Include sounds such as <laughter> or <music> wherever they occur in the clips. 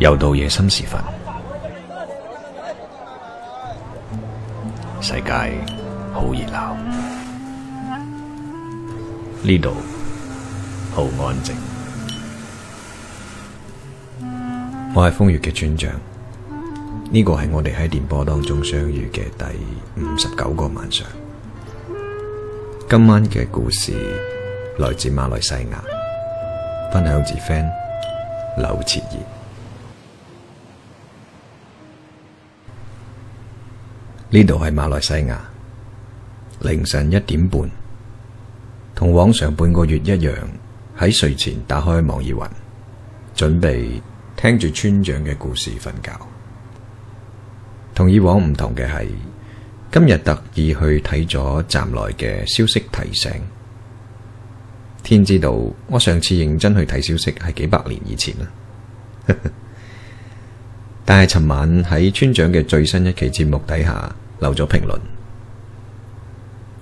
又到夜深時分，世界好熱鬧，呢度好安靜。我係瘋粵嘅村長，呢個係我哋喺電波當中相遇嘅第五十九個晚上。今晚嘅故事來自馬來西亞，分享自 fan 柳徹言。呢度係馬來西亞，凌晨一點半，同往常半個月一樣，喺睡前打開網易雲，準備聽住村長嘅故事瞓覺。同以往唔同嘅係，今日特意去睇咗站內嘅消息提醒。天知道，我上次認真去睇消息係幾百年以前啦， <laughs> 但係尋晚喺村長嘅最新一期節目底下，留咗評論，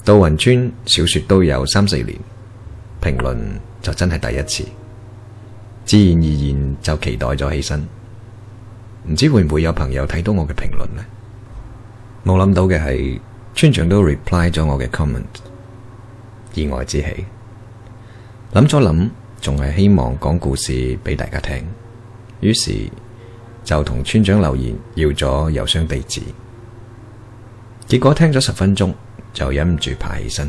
嚟雲村少說都有三四年，評論就真係第一次，自然而然就期待咗起身。唔知會唔會有朋友睇到我嘅評論呢？冇諗到嘅係，村長都 reply 咗我嘅 comment，意外之喜。諗咗諗，仲係希望講故事俾大家聽，於是就同村長留言要咗郵箱地址。結果聽咗十分鐘就忍唔住爬起身，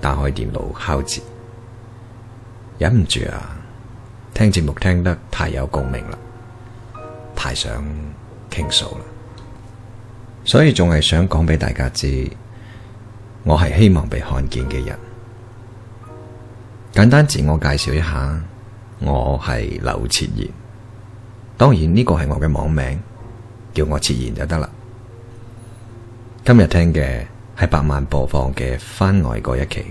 打開電腦敲字，忍唔住啊！聽節目聽得太有共鳴啦，太想傾訴啦，所以仲係想講俾大家知，我係希望被看見嘅人。簡單自我介紹一下，我係柳徹言，當然呢個係我嘅網名，叫我徹言就得啦。今日聽嘅係百萬播放嘅番外嗰一期，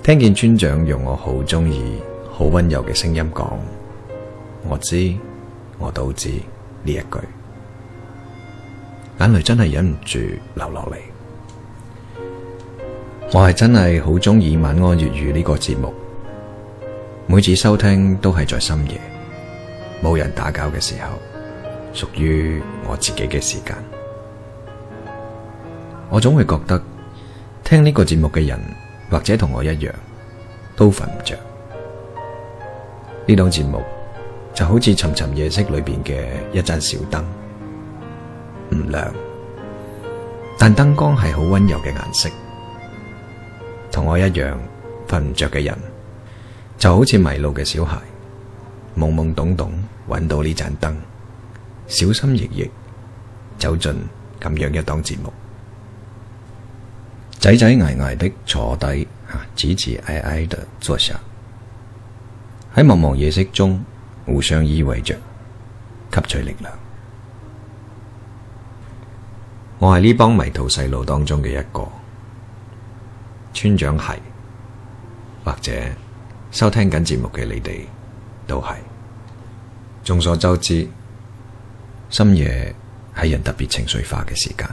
聽見村長用我好中意、好溫柔嘅聲音講，我知我都知呢一句，眼淚真係忍唔住流落嚟。我係真係好中意晚安粵語呢個節目，每次收聽都係在深夜，冇人打攪嘅時候，屬於我自己嘅時間。我總會覺得聽呢個節目嘅人，或者同我一樣都瞓唔着。呢檔節目就好似沉沉夜色裏邊嘅一盞小燈，唔亮，但燈光係好溫柔嘅顏色。同我一樣瞓唔着嘅人，就好似迷路嘅小孩，懵懵懂懂揾到呢盞燈，小心翼翼走進咁樣一檔節目。擠擠挨挨的坐低，吓，擠擠挨挨的坐下，喺茫茫夜色中，互相依偎着，汲取力量。我係呢幫迷途細路當中嘅一個，村長係，或者收聽緊節目嘅你哋都係。眾所周知，深夜係人特別情緒化嘅時間。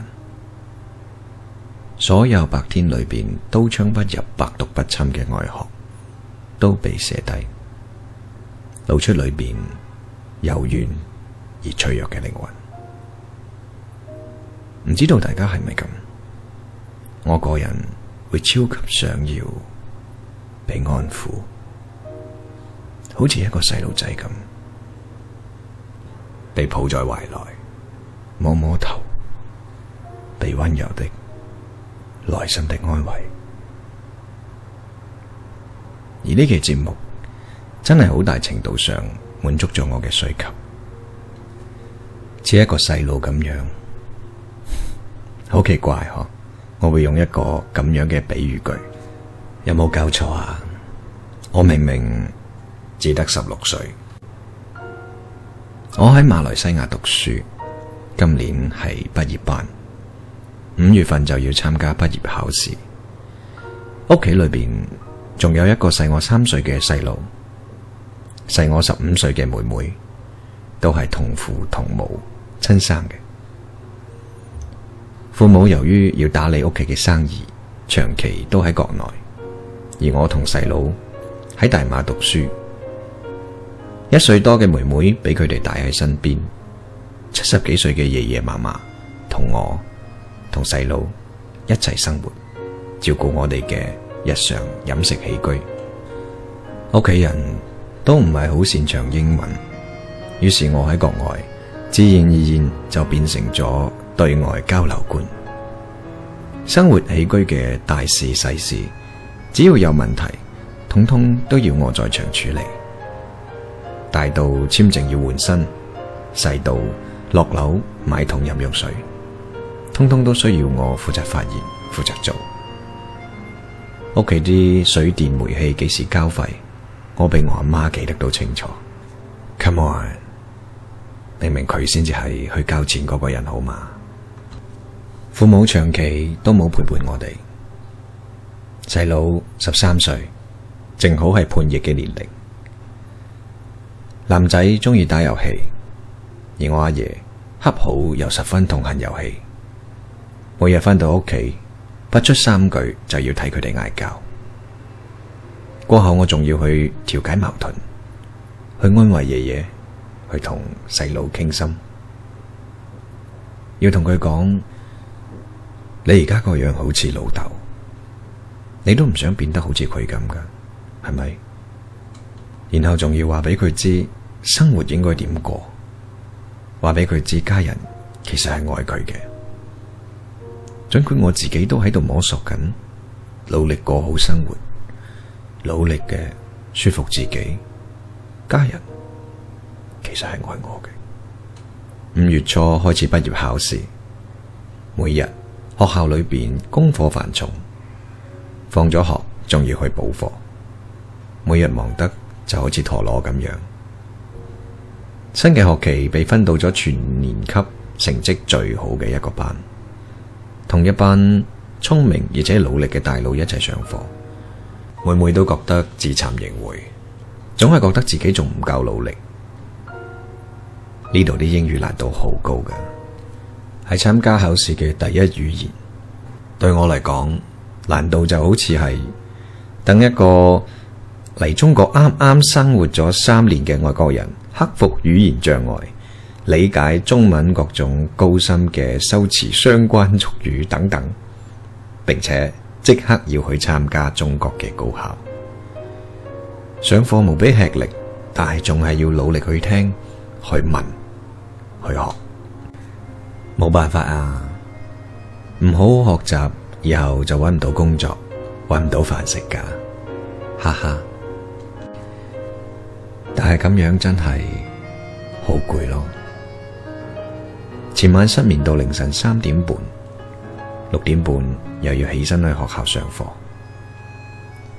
所有白天裏邊刀槍不入、百毒不侵嘅外殼都被卸低，露出裏邊柔軟而脆弱嘅靈魂。唔知道大家係咪咁？我個人會超級想要被安撫，好似一個細路仔咁被抱在懷內，摸摸頭，被溫柔的，耐心地安慰，而呢期節目真係好大程度上滿足咗我嘅需求，似一個細路咁樣，好奇怪嗬！我會用一個咁樣嘅比喻句，有冇搞錯啊？我明明只得十六歲，我喺馬來西亞讀書，今年係畢業班。五月份就要參加畢業考試，屋企裏邊仲有一個細我三歲嘅細佬，細我十五歲嘅妹妹，都係同父同母親生嘅。父母由於要打理屋企嘅生意，長期都喺國內，而我同細佬喺大馬讀書，一歲多嘅妹妹俾佢哋帶喺身邊，七十幾歲嘅爺爺嫲嫲同我。同細佬一齊生活，照顧我哋嘅日常飲食起居。屋企人都唔係好擅長英文，於是我喺國外，自然而然就變成咗對外交流官。生活起居嘅大事細事，只要有問題，統統都要我在場處理。大到簽證要換新，細到落樓買桶飲用水。通通都需要我負責發言、負責做。屋企啲水電煤氣幾時交費，我比我阿媽記得都清楚。Come on，明明佢先至係去交錢嗰個人，好嘛？父母長期都冇陪伴我哋，細佬十三歲，正好係叛逆嘅年齡。男仔鍾意打遊戲，而我阿爺恰好又十分痛恨遊戲。每日返到屋企，不出三句就要睇佢哋嗌交。過後我仲要去調解矛盾，去安慰爺爺，去同細佬傾心，要同佢講：你而家個樣好似老豆，你都唔想變得好似佢咁噶，係咪？然後仲要話俾佢知，生活應該點過，話俾佢知家人其實係愛佢嘅。儘管我自己都喺度摸索緊，努力過好生活，努力嘅，說服自己，家人其實係愛我嘅。五月初開始畢業考試，每日學校裡邊功課繁重，放咗學仲要去補課，每日忙得就好似陀螺咁樣。新嘅學期被分到咗全年級成績最好嘅一個班。同一班聰明而且努力嘅大佬一齊上課，每每都覺得自慚形穢，總係覺得自己仲唔夠努力。呢度啲英語難度好高嘅，係參加考試嘅第一語言。對我嚟講，難度就好似係等一個嚟中國啱啱生活咗三年嘅外國人克服語言障礙。理解中文各種高深嘅修辭雙關俗語等等，並且即刻要去參加中國嘅高考。上課無比吃力，但係仲係要努力去聽、去問、去學。冇辦法啊，唔好好學習，以後就搵唔到工作，搵唔到飯食噶，哈哈。但係咁樣真係好攰咯。前晚失眠到凌晨三點半，六點半又要起身去學校上課。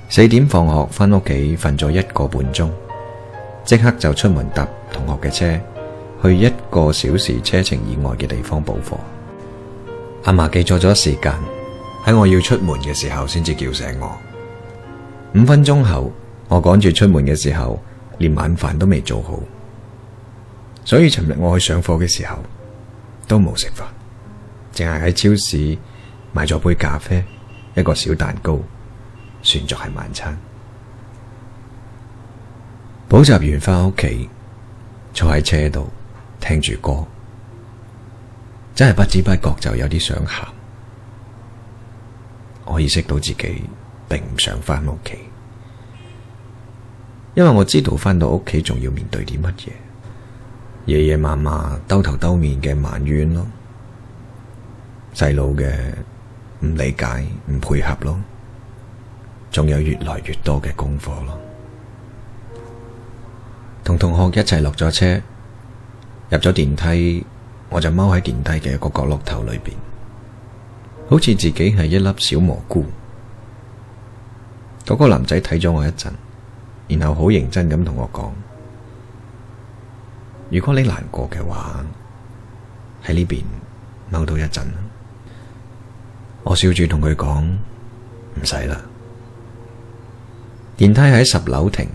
四點放學翻屋企瞓咗一個半鐘，即刻就出門搭同學嘅車去一個小時車程以外嘅地方補課。阿嫲記錯咗時間，喺我要出門嘅時候先至叫醒我。五分鐘後我趕住出門嘅時候，連晚飯都未做好，所以尋日我去上課嘅時候，都冇食飯，淨係喺超市買咗杯咖啡，一個小蛋糕，算作係晚餐。補習完翻屋企，坐喺車度聽住歌，真係不知不覺就有啲想喊。我意識到自己並唔想翻屋企，因為我知道翻到屋企仲要面對啲乜嘢。爺爺嫲嫲兜頭兜面嘅埋怨咯，細路嘅唔理解唔配合咯，仲有越來越多嘅功課咯。同同學一齊落咗車，入咗電梯，我就踎喺電梯嘅一個角落頭裏邊，好似自己係一粒小蘑菇。嗰個男仔睇咗我一陣，然後好認真咁同我講。如果你難過嘅話，喺呢邊踎到一陣，我笑住同佢講唔使啦。電梯喺十樓停，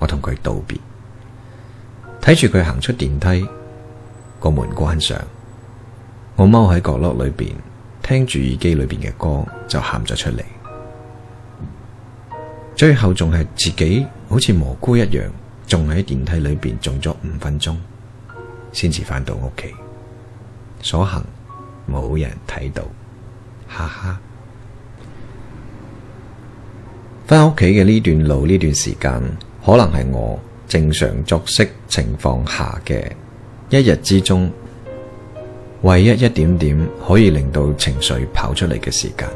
我同佢道別，睇住佢行出電梯，個門關上，我踎喺角落裏邊聽住耳機裏邊嘅歌，就喊咗出嚟。最後仲係自己好似蘑菇一樣，仲喺電梯裏邊種咗五分鐘。先至翻到屋企，所幸冇人睇到，哈哈！翻屋企嘅呢段路，呢段時間，可能係我正常作息情況下嘅一日之中，唯一一點點可以令到情緒跑出嚟嘅時間。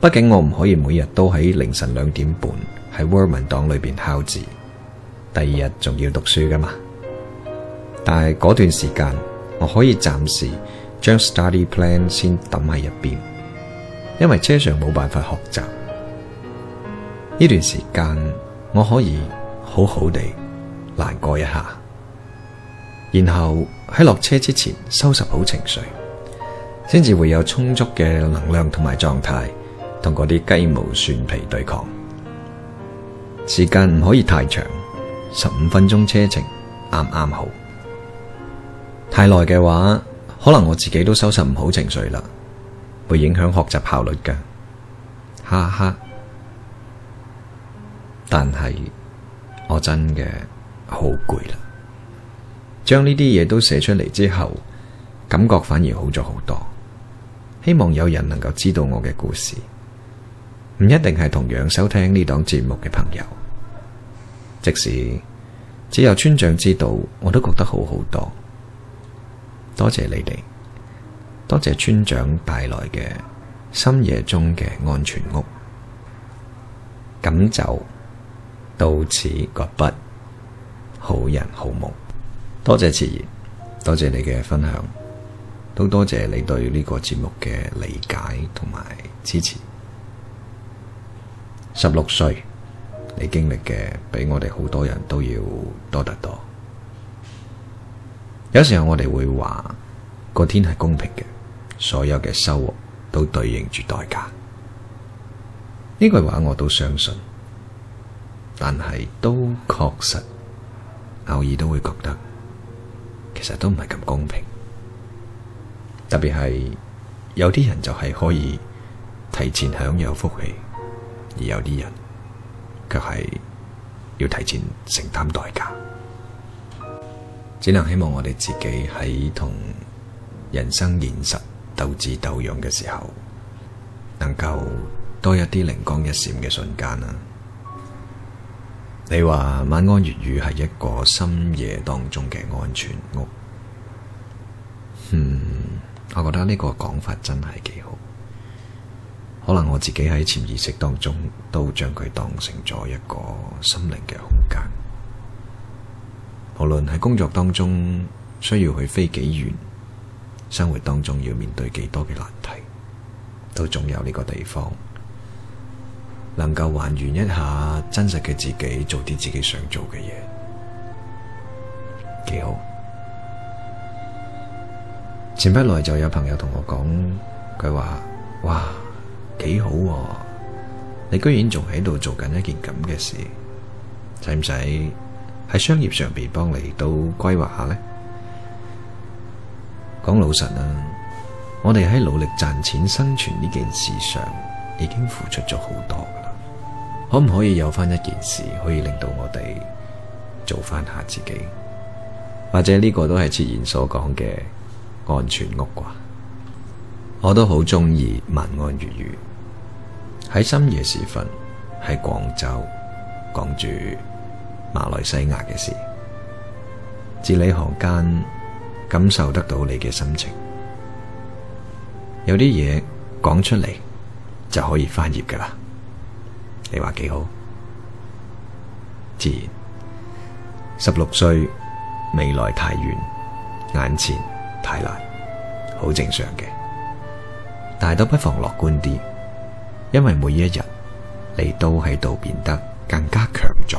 畢竟我唔可以每日都喺凌晨兩點半喺 Word 文檔裏邊敲字，第二日仲要讀書噶嘛。但係嗰段時間，我可以暫時將 study plan 先抌喺一邊，因為車上冇辦法學習。呢段時間我可以好好地難過一下，然後喺落車之前收拾好情緒，先至會有充足嘅能量同埋狀態，同嗰啲雞毛蒜皮對抗。時間唔可以太長，十五分鐘車程啱啱好。太耐嘅話，可能我自己都收拾唔好情緒啦，會影響學習效率嘅，哈哈。但係我真嘅好攰啦。將呢啲嘢都寫出嚟之後，感覺反而好咗好多。希望有人能夠知道我嘅故事，唔一定係同樣收聽呢檔節目嘅朋友，即使只有村長知道，我都覺得好好多。多謝你哋，多謝村長帶來嘅深夜中嘅安全屋，咁就到此擱筆。好人好夢，多謝徹言，多謝你嘅分享，都多謝你對呢個節目嘅理解同埋支持。十六歲，你經歷嘅比我哋好多人都要多得多。有時候我哋會話個天係公平嘅，所有嘅收穫都對應住代價。呢句話我都相信，但係都確實偶爾都會覺得其實都唔係咁公平。特別係有啲人就係可以提前享有福氣，而有啲人卻係要提前承擔代價。只能希望我哋自己喺同人生現實鬥智鬥勇嘅時候，能夠多一啲靈光一閃嘅瞬間啦、啊。你話晚安粵語係一個深夜當中嘅安全屋，嗯，我覺得呢個講法真係幾好。可能我自己喺潛意識當中，都將佢當成咗一個心靈嘅空間。無論喺工作當中需要去飛幾遠，生活當中要面對幾多嘅難題，都總有呢個地方能夠還原一下真實嘅自己，做啲自己想做嘅嘢，幾好。前不耐就有朋友同我講，佢話：哇，幾好啊，你居然仲喺度做緊一件咁嘅事，使唔使？喺商業上邊幫你都規劃下咧。講老實啦，我哋喺努力賺錢生存呢件事上，已經付出咗好多噶啦，可唔可以有翻一件事可以令到我哋做翻下自己？或者呢個都係徹言所講嘅安全屋啩？我都好中意晚安粵語，喺深夜時分喺廣州講住。講馬來西亞嘅事，字裏行間感受得到你嘅心情。有啲嘢講出嚟就可以翻頁噶啦。你話幾好？自然，十六歲，未來太遠，眼前太難，好正常嘅。但係都不妨樂觀啲，因為每一日你都喺度變得更加強壯。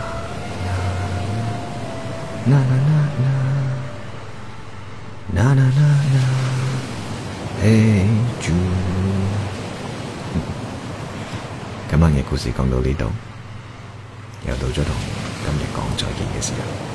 啦啦啦啦，啦啦啦啦 Hey Jude。今晚嘅故事講到呢度，又到咗同今日講再見嘅時間。